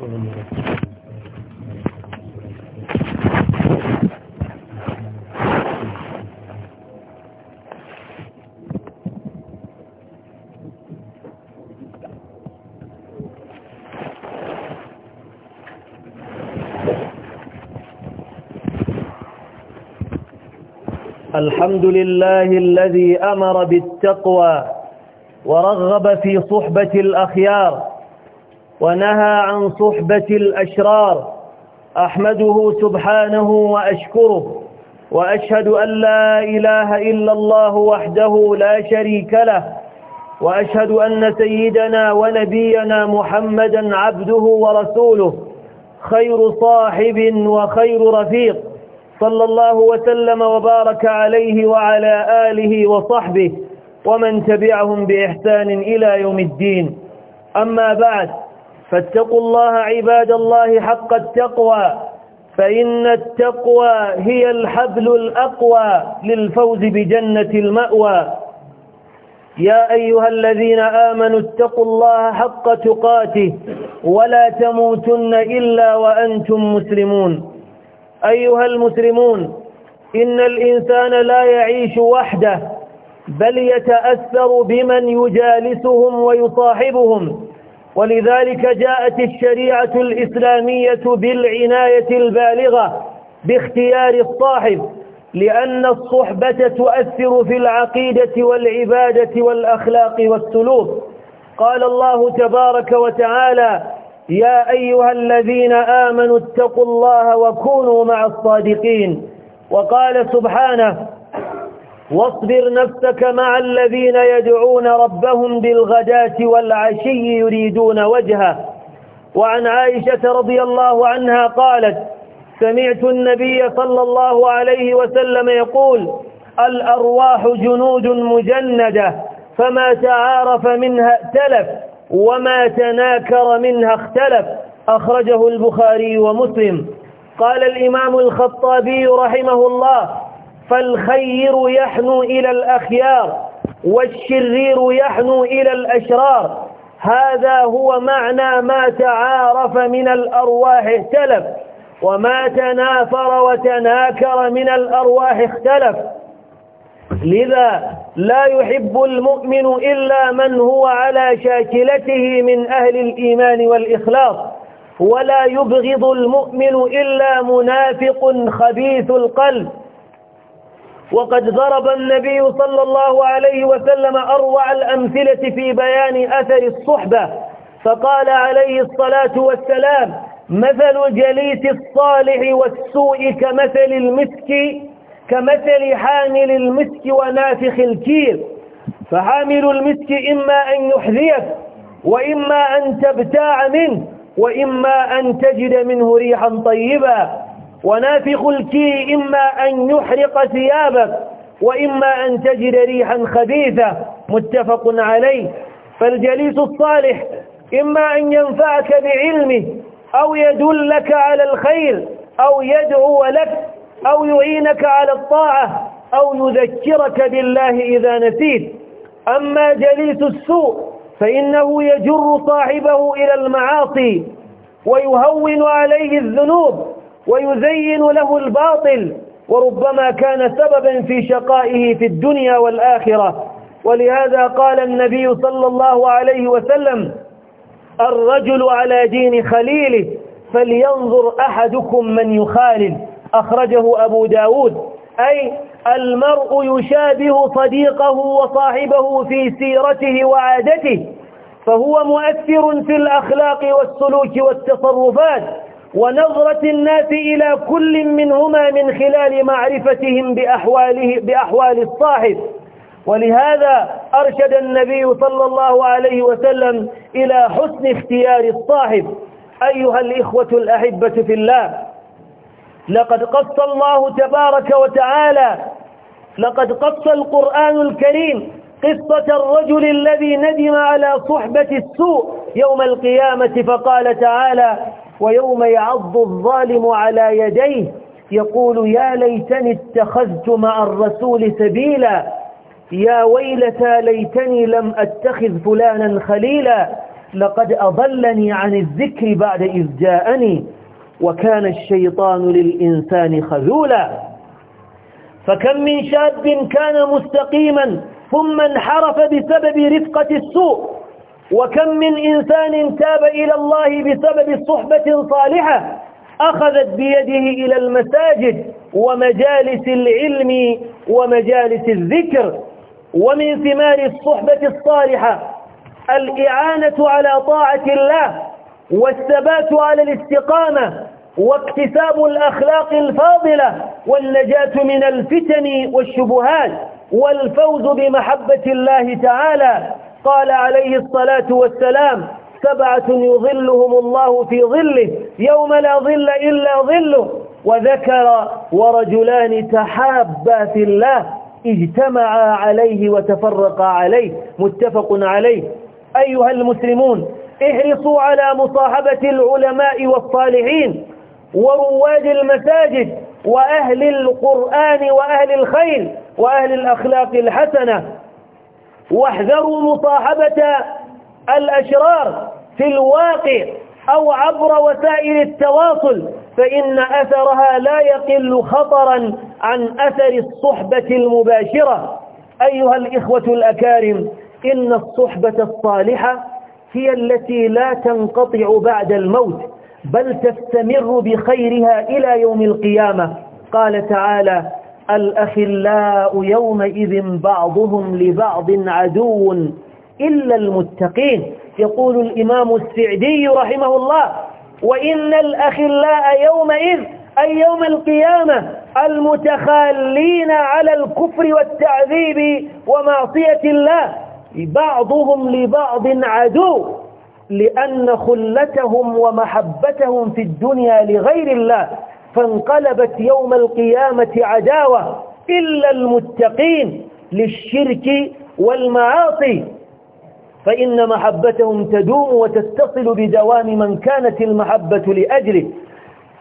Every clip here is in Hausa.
الحمد لله الذي أمر بالتقوى ورغب في صحبة الأخيار ونهى عن صحبة الأشرار أحمده سبحانه وأشكره وأشهد أن لا إله إلا الله وحده لا شريك له وأشهد أن سيدنا ونبينا محمدا عبده ورسوله خير صاحب وخير رفيق صلى الله وسلم وبارك عليه وعلى آله وصحبه ومن تبعهم بإحسان إلى يوم الدين أما بعد فاتقوا الله عباد الله حق التقوى فإن التقوى هي الحبل الأقوى للفوز بجنة المأوى يا أيها الذين آمنوا اتقوا الله حق تقاته ولا تموتن إلا وأنتم مسلمون أيها المسلمون إن الإنسان لا يعيش وحده بل يتأثر بمن يجالسهم ويصاحبهم ولذلك جاءت الشريعة الإسلامية بالعناية البالغة باختيار الصاحب لأن الصحبة تؤثر في العقيدة والعبادة والأخلاق والسلوك قال الله تبارك وتعالى يا أيها الذين آمنوا اتقوا الله وكونوا مع الصادقين وقال سبحانه واصبر نفسك مع الذين يدعون ربهم بالغداة والعشي يريدون وجهه وعن عائشة رضي الله عنها قالت سمعت النبي صلى الله عليه وسلم يقول الأرواح جنود مجندة فما تعارف منها ائتلف وما تناكر منها اختلف أخرجه البخاري ومسلم قال الإمام الخطابي رحمه الله فالخير يحنو إلى الأخيار والشرير يحنو إلى الأشرار هذا هو معنى ما تعارف من الأرواح اختلف وما تنافر وتناكر من الأرواح اختلف لذا لا يحب المؤمن إلا من هو على شاكلته من أهل الإيمان والإخلاص ولا يبغض المؤمن إلا منافق خبيث القلب وقد ضرب النبي صلى الله عليه وسلم أروع الأمثلة في بيان أثر الصحبة فقال عليه الصلاة والسلام مثل الجليس الصالح والسوء كمثل المسك كمثل حامل المسك ونافخ الكير فحامل المسك إما أن يحذيك وإما أن تبتاع منه وإما أن تجد منه ريحا طيبا ونافخ الكي إما أن يحرق ثيابك وإما أن تجد ريحا خبيثة متفق عليه فالجليس الصالح إما أن ينفعك بعلمه أو يدلك على الخير أو يدعو لك أو يعينك على الطاعة أو يذكرك بالله إذا نسيت أما جليس السوء فإنه يجر صاحبه إلى المعاصي ويهون عليه الذنوب ويزين له الباطل وربما كان سببا في شقائه في الدنيا والآخرة ولهذا قال النبي صلى الله عليه وسلم الرجل على دين خليله فلينظر أحدكم من يخالل أخرجه أبو داود أي المرء يشابه صديقه وصاحبه في سيرته وعادته فهو مؤثر في الأخلاق والسلوك والتصرفات ونظرة الناس إلى كل منهما من خلال معرفتهم بأحواله بأحوال الصاحب ولهذا أرشد النبي صلى الله عليه وسلم إلى حسن اختيار الصاحب أيها الإخوة الأحبة في الله لقد قص الله تبارك وتعالى لقد قص القرآن الكريم قصة الرجل الذي ندم على صحبة السوء يوم القيامة فقال تعالى ويوم يعض الظالم على يديه يقول يا ليتني اتخذت مع الرسول سبيلا يا ويلتى ليتني لم أتخذ فلانا خليلا لقد أضلني عن الذكر بعد إذ جاءني وكان الشيطان للإنسان خذولا فكم من شاب كان مستقيما ثم انحرف بسبب رفقة السوء وكم من إنسان تاب إلى الله بسبب صحبة صالحة أخذت بيده إلى المساجد ومجالس العلم ومجالس الذكر ومن ثمار الصحبة الصالحة الإعانة على طاعة الله والثبات على الاستقامة واكتساب الأخلاق الفاضلة والنجاة من الفتن والشبهات والفوز بمحبة الله تعالى قال عليه الصلاة والسلام سبعة يظلهم الله في ظله يوم لا ظل إلا ظله وذكر ورجلان تحابا في الله اجتمعا عليه وتفرقا عليه متفق عليه أيها المسلمون احرصوا على مصاحبة العلماء والصالحين ورواد المساجد وأهل القرآن وأهل الخير وأهل الأخلاق الحسنة واحذروا مصاحبة الأشرار في الواقع أو عبر وسائل التواصل فإن أثرها لا يقل خطرا عن أثر الصحبة المباشرة أيها الإخوة الأكارم إن الصحبة الصالحة هي التي لا تنقطع بعد الموت بل تستمر بخيرها إلى يوم القيامة قال تعالى الأخلاء يومئذ بعضهم لبعض عدو إلا المتقين يقول الإمام السعدي رحمه الله وإن الأخلاء يومئذ أي يوم القيامة المتخالين على الكفر والتعذيب ومعصية الله بعضهم لبعض عدو لأن خلتهم ومحبتهم في الدنيا لغير الله فانقلبت يوم القيامة عداوة إلا المتقين للشرك والمعاصي فإن محبتهم تدوم وتتصل بدوام من كانت المحبة لأجله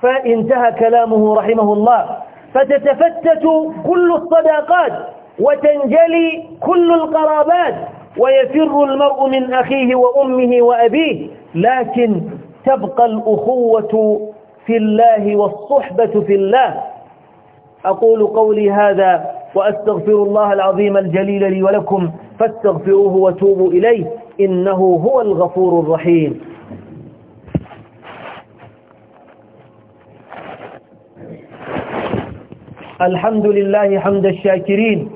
فانتهى كلامه رحمه الله فتتفتت كل الصداقات وتنجلي كل القرابات ويفر المرء من أخيه وأمه وأبيه لكن تبقى الأخوة في الله والصحبة في الله أقول قولي هذا وأستغفر الله العظيم الجليل لي ولكم فاستغفروه وتوبوا إليه إنه هو الغفور الرحيم الحمد لله حمد الشاكرين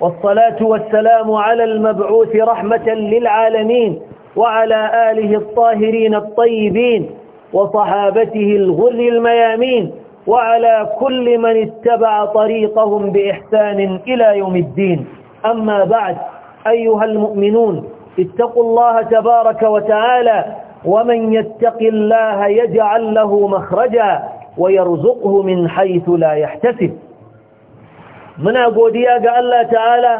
والصلاة والسلام على المبعوث رحمة للعالمين وعلى آله الطاهرين الطيبين وصحابته الغر الميامين وعلى كل من اتبع طريقهم بإحسان إلى يوم الدين أما بعد أيها المؤمنون اتقوا الله تبارك وتعالى ومن يتق الله يجعل له مخرجا ويرزقه من حيث لا يحتسب muna godiya ga Allah ta'ala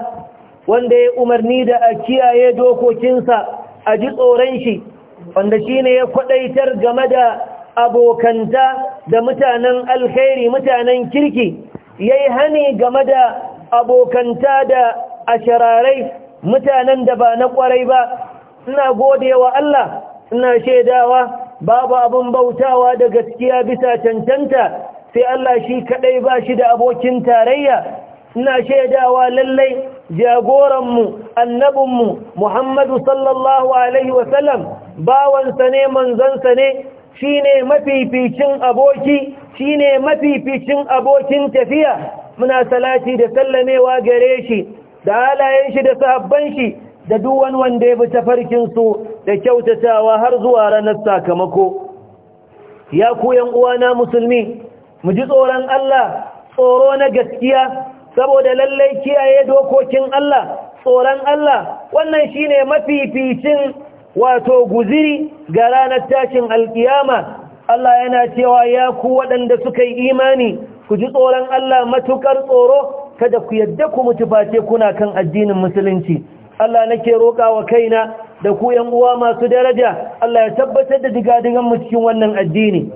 wanda ya umarni da a kiyaye dokokinsa a ji tsoron shi wanda shi ne ya kwadaitar game da abokanta da mutanen alkhairi mutanen kirki ya yi hani game da abokanta da shararai mutanen da ba na kwarai ba Suna gode wa Allah Suna shaidawa babu abin bautawa da gaskiya bisa cancanta sai Allah shi kaɗai ba shi da abokin tarayya ina shaidawa lallai jagoranmu annabinmu muhammadu sallallahu alaihi wasallam bawansa ne manzansa ne shi ne mafificin aboki shi ne mafificin abokin tafiya muna salati da sallamewa gare shi da halayen shi da sahabban shi da duwan wanda ya fi tafarkinsu da kyautatawa har zuwa ranar sakamako ya ku uwana musulmi mu ji tsoron Allah tsoro na gaskiya saboda lallai kiyaye dokokin Allah tsoron Allah wannan shine mafificin wato guziri ga ranar tashin alkiyama Allah yana cewa ya ku waɗanda suka yi imani ku ji tsoron Allah matukar tsoro kada ku yadda ku mutu face kuna kan addinin musulunci Allah nake roƙa wa kaina da ku yan uwa masu daraja Allah ya tabbatar da digadigan mu cikin wannan addini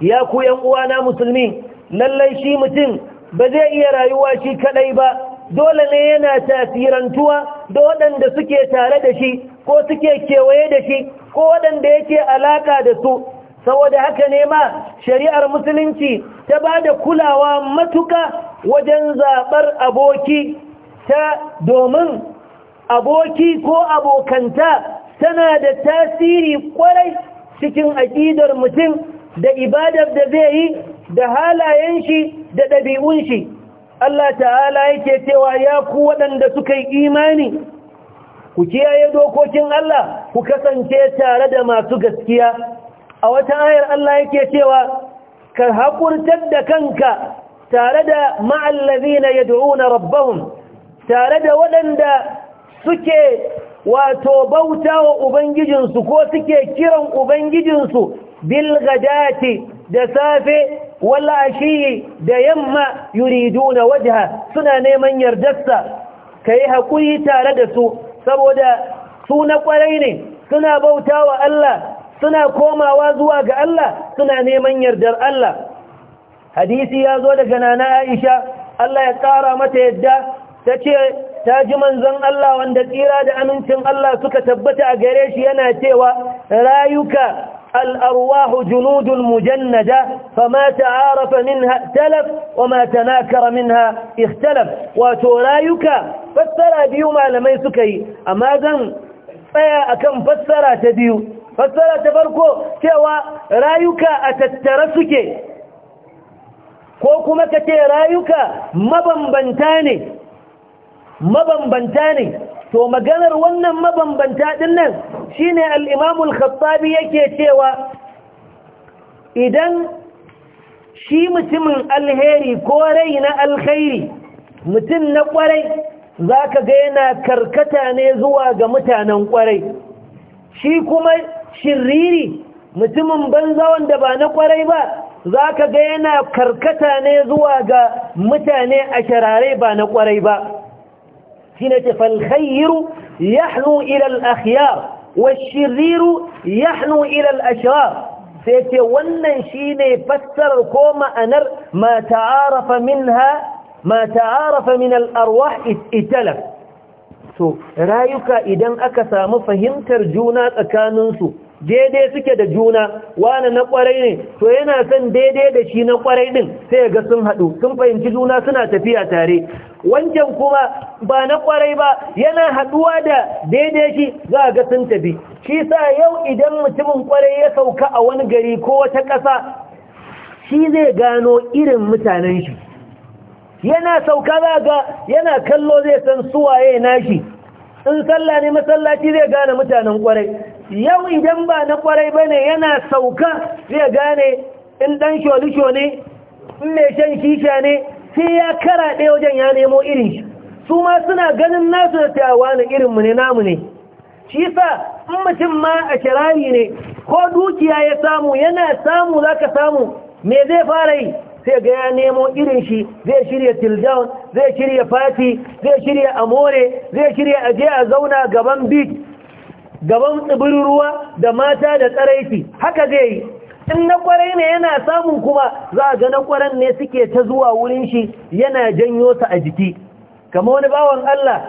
ya ku yan uwa na musulmi lallai shi mutum ba zai iya rayuwa shi kadai ba dole ne yana tasirantuwa da waɗanda suke tare da shi ko suke kewaye da shi ko waɗanda yake alaka da su saboda haka ne ma shari'ar musulunci ta ba da kulawa matuka wajen zaɓar aboki ta domin aboki ko abokanta tana da tasiri kwarai cikin aƙidar mutum da ibadar da zai yi da halayen shi da ɗabi'un shi Allah ta'ala yake cewa ya ku waɗanda suka yi imani ku kiyaye dokokin Allah ku kasance tare da masu gaskiya a wata ayar Allah yake cewa ka haƙurtar da kanka tare da ma'allazina yad'una rabbahum tare da waɗanda suke wato bautawa ubangijinsu ko suke kiran ubangijinsu bil gadati da safe wala da yamma yuriduna wajha suna neman yardarsa kai hakuri tare da su saboda su na kwarai ne suna bautawa Allah suna komawa zuwa ga Allah suna neman yardar Allah hadisi ya zo daga nana Aisha Allah ya kara mata yadda tace ta ji manzon Allah wanda tsira da amincin Allah suka tabbata a gare shi yana cewa rayuka الأرواح جنود مجندة فما تعارف منها ائتلف وما تناكر منها اختلف وتولايك فسر ديوما لميسك أما ذن فيا أكم فسر تديو فسر تفرقو كوا رايك أتترسك كوكو مكتي رايك مبنبنتاني mabambanta ne to maganar wannan mabambanta din shine al-Imam al-Khattabi yake cewa idan shi mutumin alheri ko rai na alkhairi mutum na kwarai zaka ga yana karkata ne zuwa ga mutanen kwarai shi kuma shiriri mutumin banza wanda ba na kwarai ba zaka ga yana karkata ne zuwa ga mutane a sharare ba na kwarai ba shine ce fal khayru yahnu ila al washiriru wash yahnu ila al ashrar wannan shine fassarar ko ma'anar ma ta'arafa minha ma min al arwah italaf so rayuka idan aka samu fahimtar juna tsakaninsu daidai suke da juna wani na kwarai ne to yana son daidai da shi na kwarai din sai ga sun haɗu sun fahimci juna suna tafiya tare wancan kuma ba na kwarai ba yana haɗuwa da daidai shi za ga sun tafi shi sa yau idan mutumin kwarai ya sauka a wani gari ko wata ƙasa shi zai gano irin mutanen shi yana sauka za ga yana kallo zai san suwaye nashi in sallah ne masallaci zai gane mutanen kwarai yau idan ba na kwarai bane yana sauka zai gane in dan sholisho ne in mai shan shisha ne sai ya kara ɗaya wajen ya nemo irin shi su ma suna ganin nasu da tawa na irinmu ne namu ne shi sa in mutum ma a kirari ne ko dukiya ya samu yana samu zaka samu me zai fara yi sai ga ya nemo irin shi zai shirya tildown zai shirya fati zai shirya amore zai shirya aje a zauna gaban beach gaban tsibirin ruwa da mata da tsaraiti haka zai yi in na kwarai ne yana samun kuma za a ga na kwaran ne suke ta zuwa wurin shi yana janyo sa a jiki kama wani bawan Allah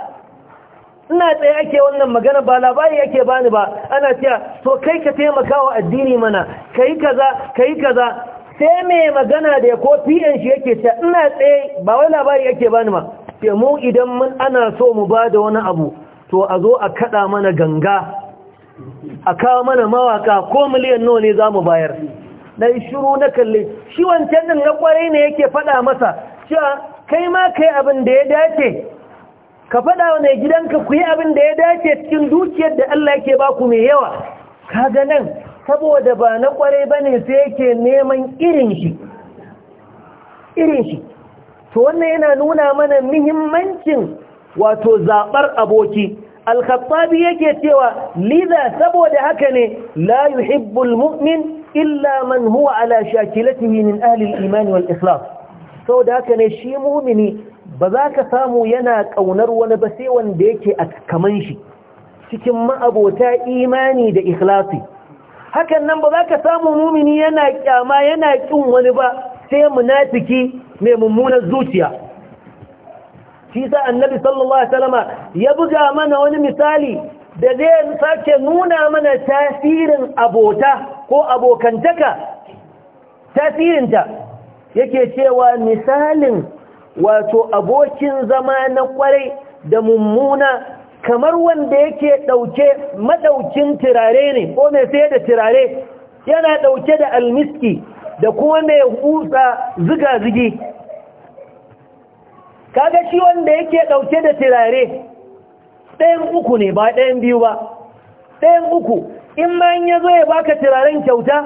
ina tsaye ake wannan magana ba labari yake bani ba ana cewa to kai ka taimaka wa addini mana kai kaza kai kaza sai mai magana da ya ko fiye shi yake ce ina tsaye ba wai labari yake bani ma ke mu idan mun ana so mu ba da wani abu to a zo a kada mana ganga a kawo mana mawaka ko miliyan nawa ne za mu bayar na yi shiru na kalli shi wancan din na kwarai ne yake faɗa masa cewa kai ma yi abin da ya dace ka faɗa wa mai gidanka ku yi abin da ya dace cikin dukiyar da Allah yake ba ku mai yawa Ka ga nan saboda ba na kwarai bane sai yake neman irin shi to wannan yana nuna mana muhimmancin wato zabar aboki al yake cewa lidha saboda haka ne la yuhibbul mumin illa man huwa ala shakilatihi min ahli al-iman wal ikhlas saboda haka ne shi mu'mini ba za ka samu yana kaunar wani ba sai wanda yake a kaman shi cikin ma'abota imani da ikhlasi hakan nan ba za ka samu mumini yana kyama yana kin wani ba sai munafiki mai mummunar zuciya shi sa annabi sallallahu alaihi wasallama ya buga mana wani misali da zai sake nuna mana tasirin abota ko abokantaka tasirinta yake cewa misalin wato abokin zama na kwarai da mummuna kamar wanda yake ɗauke maɗaukin tirare ne ko mai sai da tirare yana ɗauke da almiski da kuma mai hutsa zigazigi kaga shi wanda yake ɗauke da tirare? ɗayan uku ne ba ɗayan biyu ba ɗayan uku in ma ya zo ya baka tiraren kyauta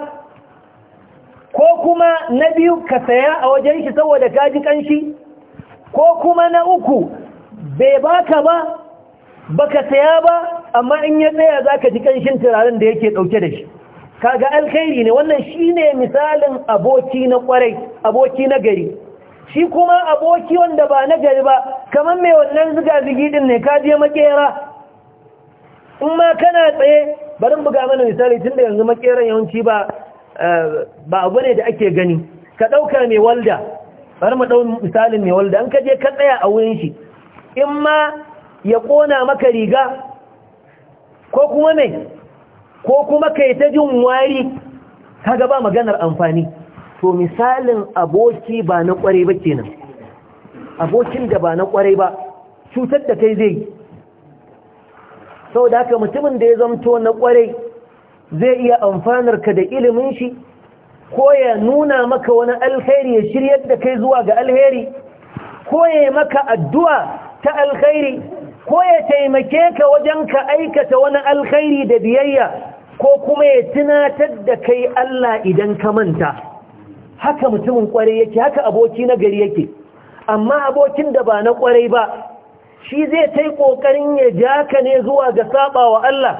ko kuma na biyu ka saya a wajen shi saboda kaji kanshi ko kuma na uku bai baka ba baka saya ba amma in ya tsaya za ka ji ƙanshin turaren da yake ɗauke da shi kaga alkhairi ne wannan shine misalin aboki na kwarai aboki na gari shi kuma aboki wanda ba na gari ba kamar mai wannan zuga zigi din ne ka je makera in ma kana tsaye bari buga mana misali tun da yanzu makeran yawanci ba eh, ba abu ne da ake gani ka ɗauka mai walda bari mu dau misalin mai walda in ka je ka tsaya a wurin shi in ma ya ƙona maka riga ko kuma mai ko kuma ka yi ta jin wari ta gaba maganar amfani to misalin aboki ba na ƙwarai ba kenan abokin da ba na ƙwarai ba cutar da kai zai sau da haka mutumin da ya zamto na ƙwarai zai iya amfanar ka da ilimin shi ko ya nuna maka wani alheri ya shiryar da kai zuwa ga alheri ko ya maka addu'a ta alheri ko ya taimake ka wajen ka aikata wani alkhairi da biyayya ko kuma ya tunatar da kai Allah idan ka manta haka mutumin kwarai yake haka aboki na gari yake amma abokin da ba na kwarai ba shi zai tai kokarin ya ja ka ne zuwa ga saba wa Allah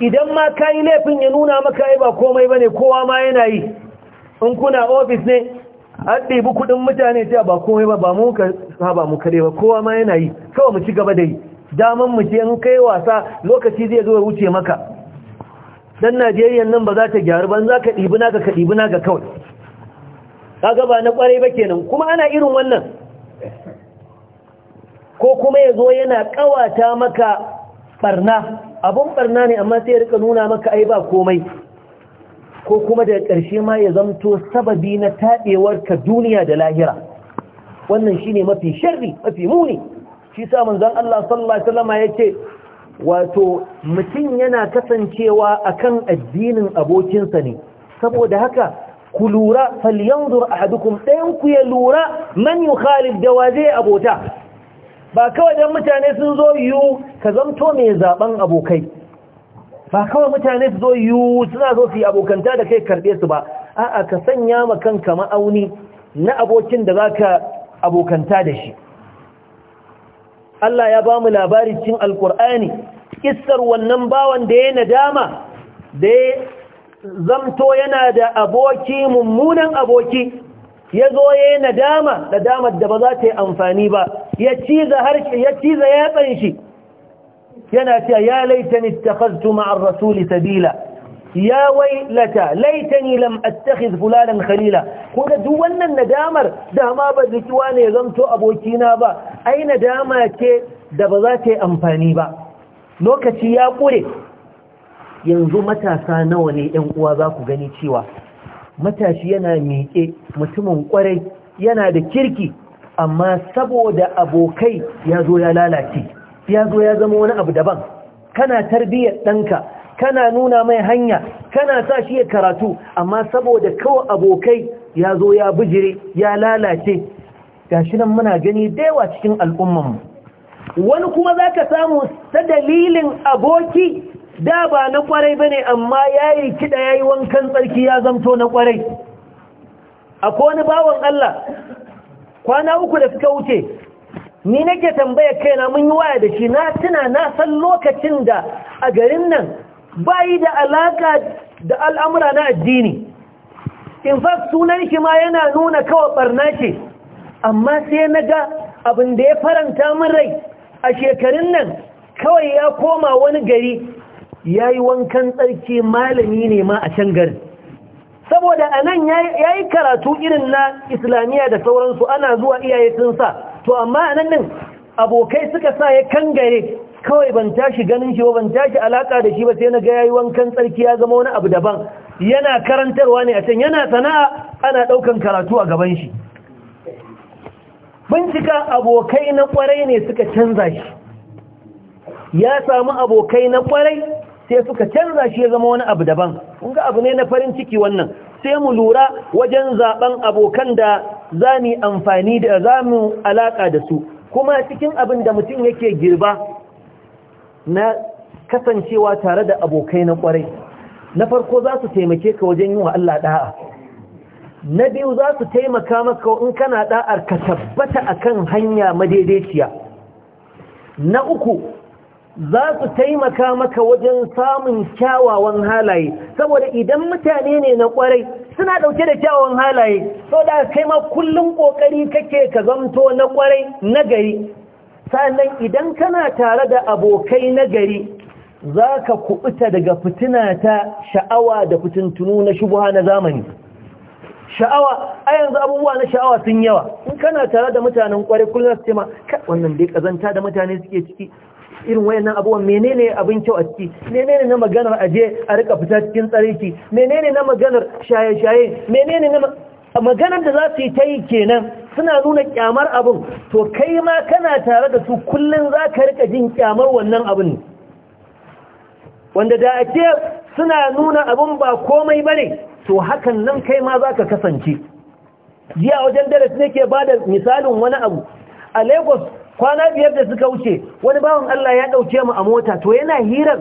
idan ma ka laifin ya nuna maka ai ba komai bane kowa ma yana yi in kuna ofis ne an ɗebi kuɗin mutane ta ba komai ba ba mu ka saba mu kare ba kowa ma yana yi kawai mu ci gaba da yi daman mu ce an kai wasa lokaci zai zo ya wuce maka dan Najeriya nan ba za ta gyaru ba za ka ɗibi naka ka ɗibi naka kawai kaga ba na kwarai ba kenan kuma ana irin wannan ko kuma ya zo yana kawata maka barna abun ɓarna ne amma sai ya rika nuna maka ai ba komai ko kuma daga ƙarshe ma ya zamto sababi na taɗewar ka duniya da lahira wannan shine mafi sharri mafi muni shi sa manzon Allah sallallahu alaihi ya yace wato mutum yana kasancewa akan addinin abokinsa ne saboda haka ku lura falyanzur ahadukum ɗayan ku ya lura man yukhalif dawaze abota ba kawai idan mutane sun zo yiwu ka zamto mai zaben abokai ba kawai mutane su zo yiwu suna zo su yi abokanta da kai karɓe su ba a'a ka sanya ma kanka ma'auni na abokin da za ka abokanta da shi Allah ya ba mu labari cin alkur'ani kissar wannan bawan da ya nadama da ya zamto yana da aboki mummunan aboki ya zo ya yi nadama nadamar da ba za ta yi amfani ba ya ciza ya tsanshi yana cewa ya laitani ittakhadtu ma'ar rasul sabila ya wailata laitani lam attakhidh fulanan khalila da duk wannan nadamar da ba ziki wane zanto abokina ba ai nadama ce da ba za ta yi amfani ba lokaci ya kure yanzu matasa nawa ne yan uwa za ku gani cewa matashi yana miƙe mutumin kwarai yana da kirki amma saboda abokai ya zo ya lalace ya zo ya zama wani abu daban kana tarbiyyar ɗanka kana nuna mai hanya kana sa shi ya karatu amma saboda kawai abokai ya zo ya bijire ya lalace Ga shi nan muna gani da yawa cikin al'ummanmu wani kuma za ka samu ta dalilin aboki da ba na kwarai ba ne amma ya yi kiɗa ya yi wankan tsarki ya zamto na kwarai akwai wani bawan Allah kwana uku da suka wuce ni nake tambaya kaina mun yi waya da shi na tuna na san lokacin da a garin nan bayi da alaka da al'amura na addini in fact sunan shi ma yana nuna kawai barna ce amma sai na ga abin da ya faranta min rai a shekarun nan kawai ya koma wani gari ya yi wankan tsarki malami ne ma a can gari saboda anan nan ya yi karatu irin na islamiyya da sauransu ana zuwa iyaye sun sa to amma nan nan abokai suka sa ya kangare kawai ban tashi ganin shi ban tashi alaka da shi ba sai na ga yayi wankan tsarki ya zama wani abu daban yana karantarwa ne a can yana sana'a ana daukan karatu a gaban shi bincika abokai na kwarai ne suka canza shi ya samu abokai na kwarai sai suka canza shi ya zama wani abu daban kunga abu ne na farin ciki wannan sai mu lura wajen zaben abokan da za mu amfani da za mu alaka da su kuma cikin abin da mutum yake girba na kasancewa tare da abokai na kwarai na farko za su taimake ka wajen yi wa Allah da'a na biyu za su taimaka maka in kana da'ar ka tabbata akan hanya madaidaiciya na uku za su taimaka maka wajen samun kyawawan halaye saboda idan mutane ne na kwarai suna dauke da kyawawan halaye da kai ma kullum kokari kake ka zamto na kwarai na gari sannan idan kana tare da abokai na gari za ka kubuta daga fitina ta sha'awa da fitintunu na shubuha na zamani sha'awa a yanzu abubuwa na sha'awa sun yawa in kana tare da mutanen kwarai kullum su ce ma wannan dai kazanta da mutane suke ciki irin nan abubuwan menene abin kyau a ciki menene na maganar aje a rika fita cikin tsariki menene na maganar shaye-shaye menene na maganar da za su yi ta yi kenan suna nuna kyamar abin to kai ma kana tare da su kullum za ka rika jin kyamar wannan abin wanda da a ce suna nuna abun ba komai ba ne to hakan nan kai ma za ka kasance jiya wajen darasi ne ke ba da misalin wani abu a lagos kwana biyar da suka wuce wani bawan Allah ya ɗauke mu a mota to yana hirar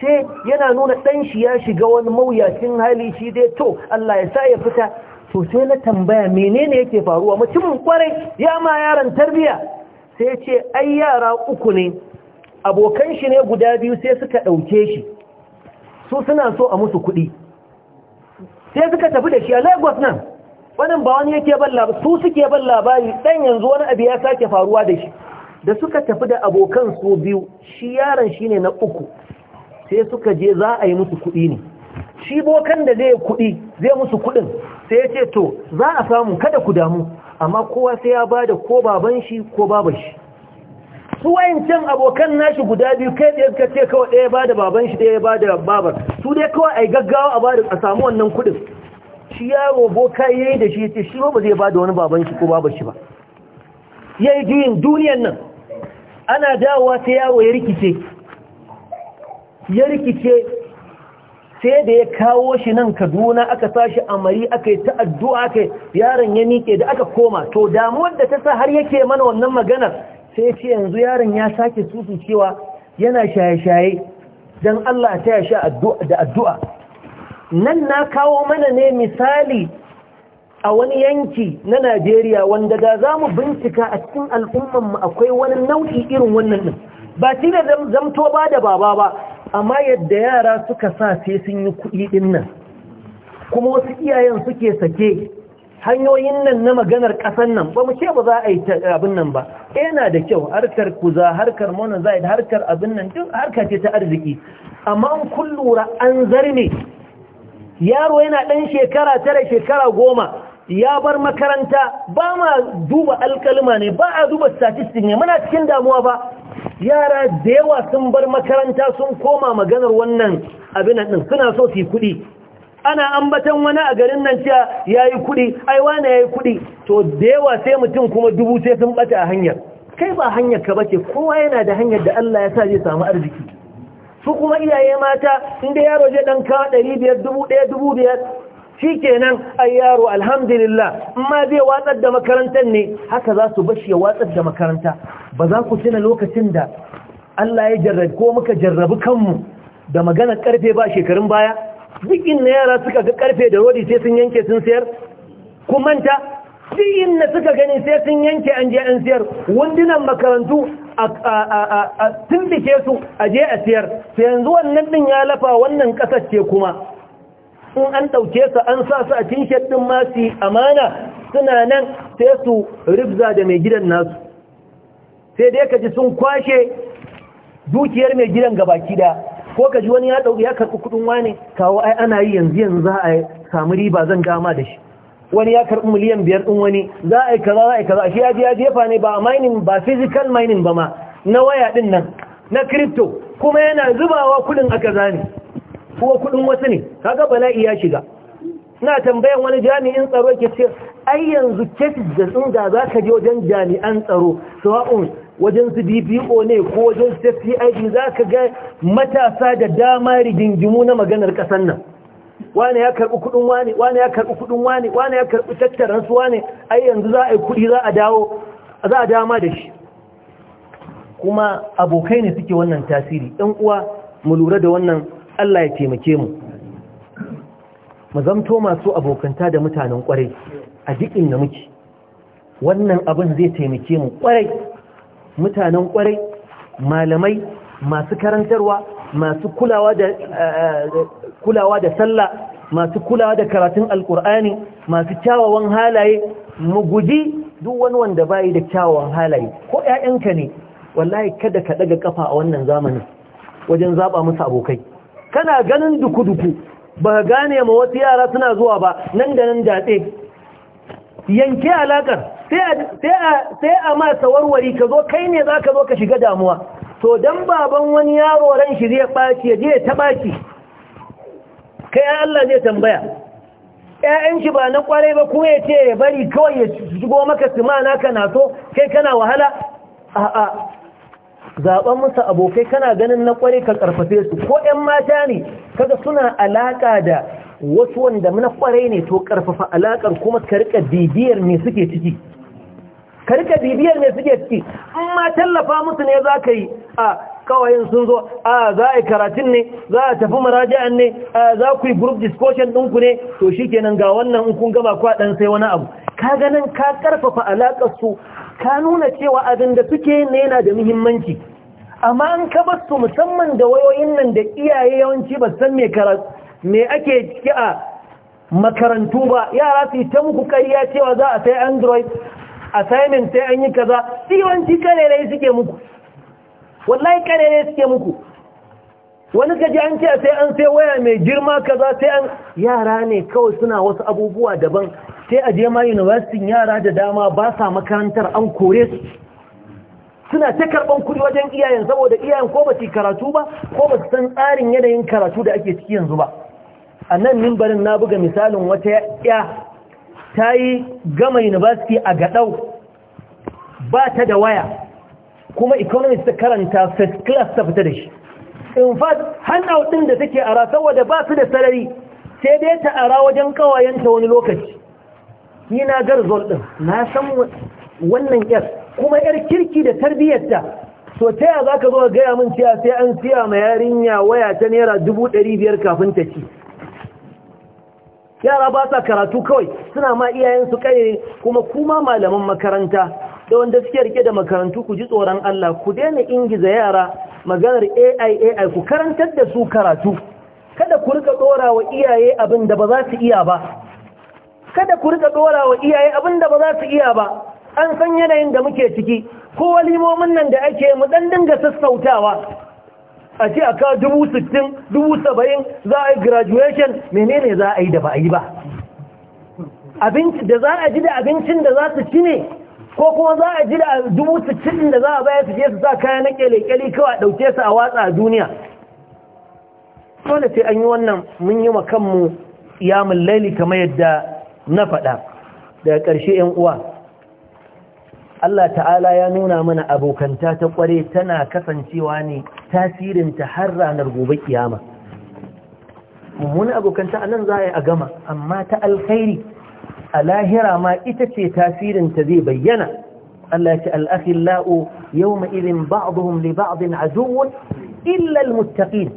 sai yana nuna ɗan shi ya shiga wani mawuyacin hali shi dai to Allah ya sa ya fita to sai na tambaya menene yake faruwa mutumin kwarai ya ma yaron tarbiya sai ce ai yara uku ne abokan shi ne guda biyu sai suka ɗauke shi su suna so a musu kuɗi sai suka tafi da shi a lagos nan wannan ba wani yake ban su suke ban labari ɗan yanzu wani abu ya sake faruwa da shi da suka tafi da abokan su biyu shi yaron ne na uku sai suka je za a yi musu kuɗi ne shi bokan da zai kuɗi zai musu kuɗin sai ya ce to za a samu kada ku damu amma kowa sai ya ba da ko baban shi ko baban shi su wayancan abokan nashi guda biyu kai da suka ce kawai ɗaya ba da baban shi ɗaya ba da babar su dai kawai a yi gaggawa a bada a samu wannan kuɗin shi yaro boka yayi yi da shi ya ce shi ba zai ba da wani baban shi ko babar shi ba ya yi juyin duniyan nan ana dawowa sai yaro ya rikice ya rikice sai da ya kawo shi nan kaduna aka sashi amari aka yi ta'addu'a aka yaron ya nike da aka koma to damuwar da ta sa har yake mana wannan magana sai ce yanzu yaron ya sake tutu cewa yana shaye-shaye don Allah ta ya sha da addu'a nan na kawo mana ne misali a wani yanki na Najeriya wanda da za mu bincika a cikin mu akwai wani nau'i irin wannan ɗin ba shi da zamto ba da baba ba amma yadda yara suka sa sai sun yi kuɗi ɗin nan kuma wasu iyayen suke sake hanyoyin nan na maganar ƙasar nan ba mu ce ba za a yi abin nan ba yana eh, da kyau harkar kuza harkar mona zaid harkar abin nan duk harka ce ta arziki amma an kullura an zarme yaro yana ɗan shekara tara shekara goma ya bar makaranta ba ma duba alkalima ne ba a duba statistics ne muna cikin damuwa ba yara da yawa sun bar makaranta sun koma maganar wannan abin nan suna so su yi kuɗi ana ambatan wani a garin nan cewa ya yi kuɗi ai wane ya yi kuɗi to da yawa sai mutum kuma dubu sai sun ɓata a hanyar kai ba hanyar ka bace kowa yana da hanyar da Allah ya sa zai samu arziki su kuma iyaye mata inda yaro je dan kawo ɗari biyar dubu ɗaya dubu biyar shi kenan a yaro alhamdulillah ma zai watsar da makarantar ne haka za su bashi ya watsar da makaranta ba za ku tuna lokacin da Allah ya jarrabi ko muka jarrabi kanmu da maganar karfe ba shekarun baya duk na yara suka ga karfe da rodi sai sun yanke sun sayar ku manta duk na suka gani sai sun yanke an je an sayar wundunan makarantu a tindike su a je a sayar sai yanzu wannan din ya lafa wannan kasar ce kuma in an ɗauke su an sa su a tinshet ɗin masu amana suna nan sai su ribza da mai gidan nasu sai dai ka ji sun kwashe dukiyar mai gidan gabaki da ko ka ji wani ya ɗauki ya karɓi kuɗin wane kawo ai ana yi yanzu yanzu za a samu riba zan dama da shi wani ya karɓi miliyan biyar ɗin wani za a yi kaza za a yi kaza shi ya je ya jefa ne ba mining ba physical mining ba ma na waya ɗin nan na crypto kuma yana zubawa kuɗin aka zane ko kudin wasu ne kaga bala'i ya shiga ina tambayan wani jami'in tsaro ke ce ai yanzu cases da sun ga za ka je wajen jami'an tsaro sawa'un wajen su dpo ne ko wajen su cid za ka ga matasa da dama rigingimu na maganar kasar nan wane ya karɓi kudin wane wane ya karɓi kudin wane wane ya karɓi tattaran su wane ai yanzu za a yi kudi za a dawo za a dama da shi kuma abokai ne suke wannan tasiri ɗan uwa mu lura da wannan Allah ya taimake mu mu zamto masu abokanta da mutanen kwarai a jikin da muke wannan abin zai taimake mu kwarai mutanen kwarai malamai masu karantarwa masu kulawa da eh, kulawa da sallah masu kulawa da karatun alkur'ani masu kyawawan halaye mu guji duk wani wanda bayi da kyawawan halaye ko ƴaƴanka ne wallahi kada ka daga kafa a wannan zamanin wajen zaba musu abokai kana ganin duku-duku ba gane ma wasu yara suna zuwa ba nan da nan datse yanke alakar sai a ma warwari ka zo kai ne za ka zo ka shiga damuwa to don baban wani yaro ran shi zai ɓaci ya je ya taɓa kai Allah zai tambaya ‘ya'yan shi ba na ƙwarai ba kuma ya ce ya bari kawai ya shigo maka simana naka na so kai kana wahala a zaɓen musu abokai kana ganin na kware ka karfafe su ko 'yan mata ne kaga suna alaƙa da wasu wanda na kware ne to karfafa alaƙar kuma ka riƙa bibiyar me suke ciki ka riƙa bibiyar me suke ciki in ma tallafa musu ne za ka yi a kawayin sun zo a za a yi karatun ne za a tafi maraja'an ne za ku yi group discussion ɗinku ne to shi kenan ga wannan in kun gama ɗan sai wani abu ka ganin ka karfafa alaƙar su ka nuna cewa abin da suke ne yana da muhimmanci amma an kaba su musamman da wayoyin nan da iyaye yawanci ba san me me ake ciki a makarantu ba yara su ta muku kariya cewa za a sai android assignment sai an yi kaza yawanci kanere suke muku wallahi kanere suke muku wani kaji an ce sai an sai waya mai girma kaza sai an yara ne kawai suna wasu abubuwa daban sai a je ma university yara da dama ba sa makarantar an kore su suna ta karban kuɗi wajen iyayen saboda iyayen ko ba su karatu ba ko ba su san tsarin yanayin karatu da ake ciki yanzu ba a nan mimbarin na buga misalin wata ya ta yi gama university a gaɗau ba ta da waya kuma economist ta karanta first class ta fita da shi in fact hannu ɗin da take ara saboda ba su da sarari sai dai ta ara wajen kawayenta wani lokaci ni na garzon ɗin na san wannan yar kuma yar kirki da tarbiyyarta so ta yaya zaka zo gaya min cewa sai an siya ma yarinya waya ta naira dubu ɗari biyar kafin ta ci yara ba sa karatu kawai suna ma iyayensu kai kuma kuma malaman makaranta da wanda suke rike da makarantu ku ji tsoron Allah ku daina ingiza yara maganar AI ku karantar da su karatu kada ku rika dora wa iyaye abin da ba za su iya ba kada ku rika dora wa iyaye abinda ba za su iya ba an san yanayin da muke ciki ko walimomin nan da ake mu dan dinga sassautawa a ce aka dubu sittin dubu saba'in za a yi graduation menene za a yi da ba a yi ba da za a ji da abincin da za su ci ne ko kuma za a ji da dubu sittin da za a bayar su je su sa kaya na kyale kawa kawai a ɗauke su a watsa a duniya dole sai an yi wannan mun yi wa kanmu ya laili kamar yadda na faɗa daga ƙarshe ‘yan uwa Allah ta'ala ya nuna mana abokanta ta ƙware tana kasancewa ne tasirinta har ranar gobe kiyama mummuna abokanta a nan za a gama amma ta alkhairi a lahira ma ita ce tasirinta zai bayyana Allah ce al'afin la'o yau ma'irin ba'aduhun li ba'adun azuwun illal muttaƙin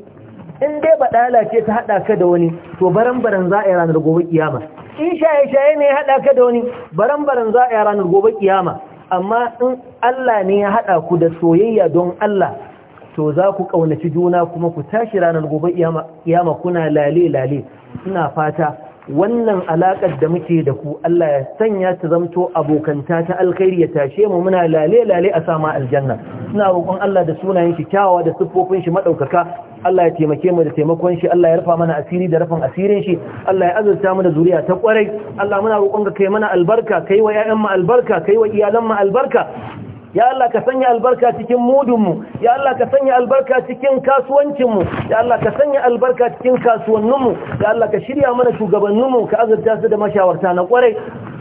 in dai badala ce ta haɗa ka da wani to baran-baran za a yi ranar gobe kiyama in shaye-shaye ne ya hada ka da wani baran-baran za a yi ranar gobe kiyama amma in Allah ne ya haɗa ku da soyayya don Allah to za ku ƙaunaci juna kuma ku tashi ranar gobe kiyama kuna lale lale ina fata wannan alaƙar da muke da ku Allah ya sanya ta zamto abokanta ta alkhairi ya tashe mu muna lale lale a sama aljanna suna roƙon Allah da sunayen shi kyawawa da siffofin shi maɗaukaka Allah ya taimake mu da taimakon shi Allah ya rufa mana asiri da rafan asirin shi Allah ya azurta mu da zuriya ta kwarai Allah muna roƙon ka kai mana albarka kai wa ƴaƴan mu albarka kai wa iyalan mu albarka ya Allah ka sanya albarka cikin mudunmu ya Allah ka sanya albarka cikin kasuwancinmu ya Allah ka sanya albarka cikin kasuwanninmu ya Allah ka shirya mana shugabanninmu ka azurta su da mashawarta na kwarai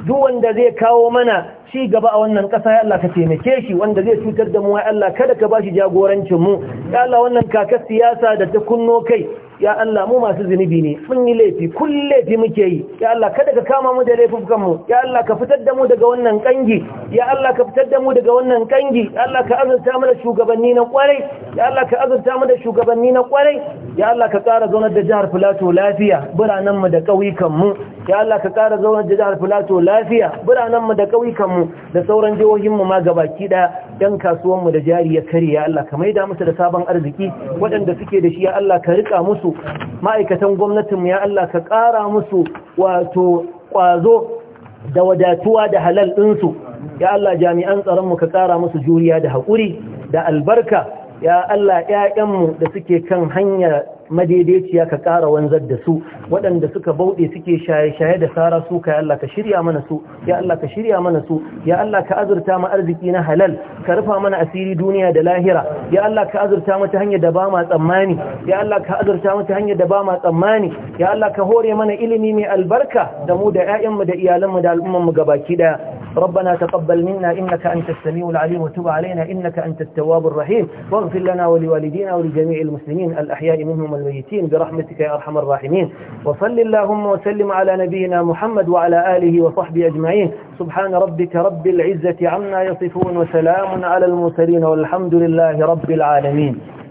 duk wanda zai kawo mana ci gaba a wannan ƙasa ya Allah ka taimake shi wanda zai cutar da mu ya Allah kada ka bashi jagorancin mu ya Allah wannan kakar siyasa da ta kunno kai ya Allah mu masu zunubi ne mun yi laifi kun laifi muke yi ya Allah kada ka kama mu da laifukan mu ya Allah ka fitar da mu daga wannan kangi ya Allah ka fitar da mu daga wannan kangi ya Allah ka azurta mu da shugabanni na kwarai ya Allah ka azurta mu da shugabanni na kwarai ya Allah ka ƙara zaunar da jihar Filato lafiya biranen mu da ƙauyukan mu ya Allah ka ƙara zaunar da jihar Filato lafiya biranen mu da ƙauyukan mu da sauran jihohin mu ma gabaki ɗaya dan kasuwan mu da jari ya kare ya Allah ka maida musu da sabon arziki waɗanda suke da shi ya Allah ka rika musu ma'aikatan gwamnatinmu ya Allah ka ƙara musu wato ƙwazo da wadatuwa da halal ɗinsu ya Allah jami'an tsaronmu ka ƙara musu juriya da haƙuri da albarka ya Allah ‘ya'yanmu da suke kan hanyar madaidaiciya ka ƙara wanzar da su waɗanda suka bauɗe suke shaye-shaye da sara su ka Allah ka shirya mana su ya Allah ka shirya mana su ya Allah ka azurta mu arziki na halal ka rufa mana asiri duniya da lahira ya Allah ka azurta mu ta hanyar da ba ma tsammani ya Allah ka azurta mu ta hanyar da ba ma tsammani ya Allah ka hore mana ilimi mai albarka da mu da 'ya'yanmu da iyalanmu da ga gabaki daya ربنا تقبل منا إنك أنت السميع العليم وتب علينا إنك أنت التواب الرحيم واغفر لنا ولوالدينا ولجميع المسلمين الأحياء منهم والميتين برحمتك يا أرحم الراحمين وصل اللهم وسلم على نبينا محمد وعلى آله وصحبه أجمعين سبحان ربك رب العزة عما يصفون وسلام على المرسلين والحمد لله رب العالمين